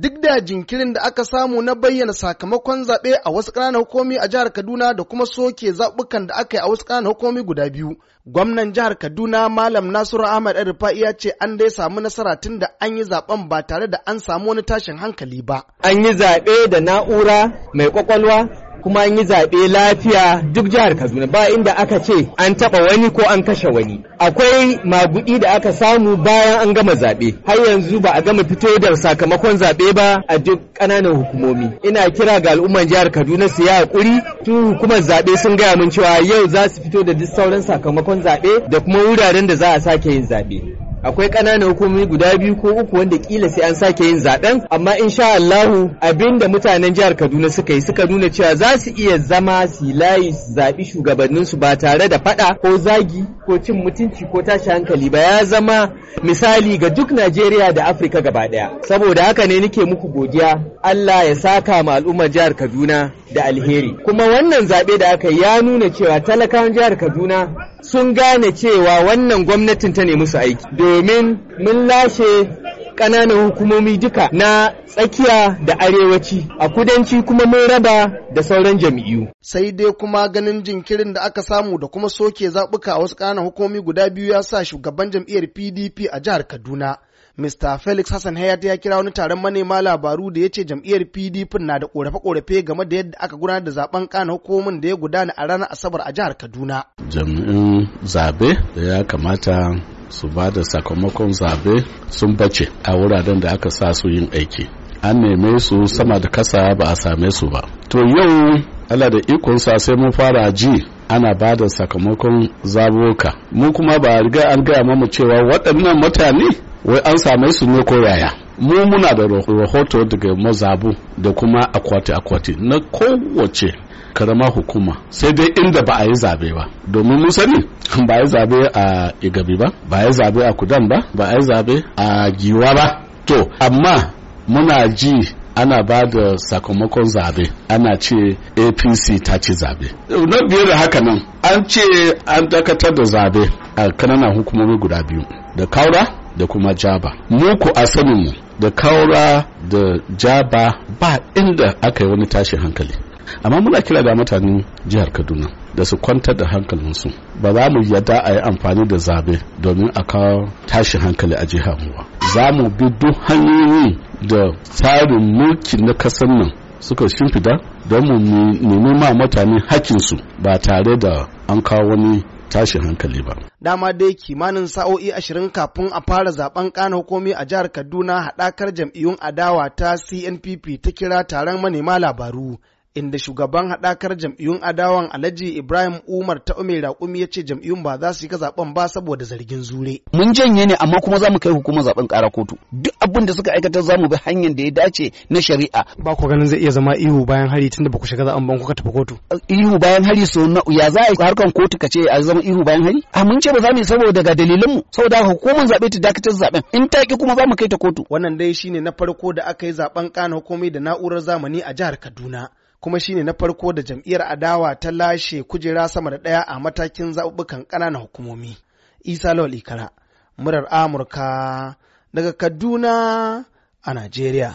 duk da jinkirin da aka samu na bayyana sakamakon zaɓe a wasu ƙananan hukumi a jihar Kaduna da kuma soke zaɓukan da aka yi a wasu ƙananan hukumi guda biyu. Gwamnan jihar Kaduna Malam Nasiru Ahmad Arifa ya ce an dai samu nasara tun da an yi zaɓen ba tare da an samu wani tashin hankali ba. An yi zaɓe da na'ura mai ƙwaƙwalwa. kuma an yi zaɓe lafiya duk jihar Kaduna ba inda aka ce an taɓa wani ko an kashe wani. Akwai magudi da aka samu bayan an gama zaɓe har yanzu ba a gama fito da sakamakon zaɓe ba a duk ƙananan hukumomi. Ina kira ga al'ummar jihar Kaduna su yi haƙuri tun hukumar zaɓe sun gaya mun cewa yau za su fito da duk sauran sakamakon zaɓe da kuma wuraren da za a sake yin zaɓe. akwai ƙananan hukumomi guda biyu ko uku wanda kila sai an sake yin zaben amma insha Allahu abinda mutanen jihar Kaduna suka yi suka nuna cewa za su iya zama su layi su zaɓi shugabannin su ba tare da faɗa ko zagi ko cin mutunci ko tashi hankali ba ya zama misali ga duk Najeriya da Afirka gaba ɗaya saboda haka ne nake muku godiya Allah ya saka ma al'ummar jihar Kaduna da alheri kuma wannan zaɓe da aka yi ya nuna cewa talakawan jihar Kaduna sun gane cewa wannan gwamnatin ta ne musu aiki domin mun lashe ƙananan hukumomi duka na tsakiya da arewaci a kudanci kuma mun raba da sauran jam'iyyu. Sai dai kuma ganin jinkirin da aka samu da kuma soke zaɓuka a wasu ƙananan hukumomi guda biyu ya sa shugaban jam'iyyar PDP a jihar Kaduna. Mr. Felix Hassan Hayat ya kira wani taron manema labaru da ya ce jam'iyyar PDP na da korafe-korafe game da yadda aka gudanar da zaben kana hukumin da ya gudana a ranar Asabar a jihar Kaduna. Jami'in zabe da ya kamata su ba da sakamakon zabe sun bace a wuraren da aka sa su yin aiki. An neme su sama da kasa ba a same su ba. To yau Allah da sa sai mun fara ji ana ba da sakamakon zaboka mu kuma ba riga an gaya mamu cewa waɗannan mutane wai an same su ne ko yaya mu muna da rahoto daga mazabu da kuma akwati akwati na kowace karama hukuma sai dai inda ba a yi zabe ba domin musani sani ba a yi zabe a igabi ba ba a yi zabe a kudan ba ba a yi zabe a giwa ba to amma muna ji ana ba da sakamakon zabe ana ce apc ta ci zabe na biyar da haka nan an ce an dakatar da zabe a kananan hukumomi guda biyu da kaura da kuma jaba muku a mu da kaura da jaba ba inda aka yi wani tashin hankali amma muna kira da mutanen jihar kaduna da su kwantar da hankalinsu ba za mu yadda a yi amfani da zabe domin a kawo tashin hankali a jihar mu ba za mu bi duk hanyoyi da tsarin mulki na kasar nan suka shimfida don mu nemi ma mutane hakinsu ba tare da an kawo wani tashin hankali ba. Dama dai kimanin sa'o'i ashirin kafin a fara zaben kana hukumi a jihar Kaduna haɗakar jam'iyyun adawa ta CNPP ta kira taron manema labaru inda shugaban haɗakar jam'iyyun adawan alhaji ibrahim umar ta umar raƙumi ya ce jam'iyyun ba za su yi zaben ba saboda zargin zure mun janye ne amma kuma za mu kai hukumar zaben ƙara kotu duk abin da suka aikata za mu bi hanyar da ya dace na shari'a ba ku ganin zai iya zama ihu bayan hari tunda ba ku shiga zaben ku ka tafi kotu ihu bayan hari so na ya za a yi harkan kotu ka ce a zama ihu bayan hari a mun ce ba za mu yi saboda ga dalilin mu saboda hukumar zaɓe ta dakatar zaben in ta ki kuma za mu kai ta kotu wannan dai shine na farko da aka yi zaben kana hukumi da na'urar zamani a jihar Kaduna kuma shine na farko da jam'iyyar adawa ta lashe kujera sama da ɗaya a matakin zaɓuɓɓukan ƙananan hukumomi. Isa Lawal Ikara, murar Amurka daga Kaduna a Najeriya.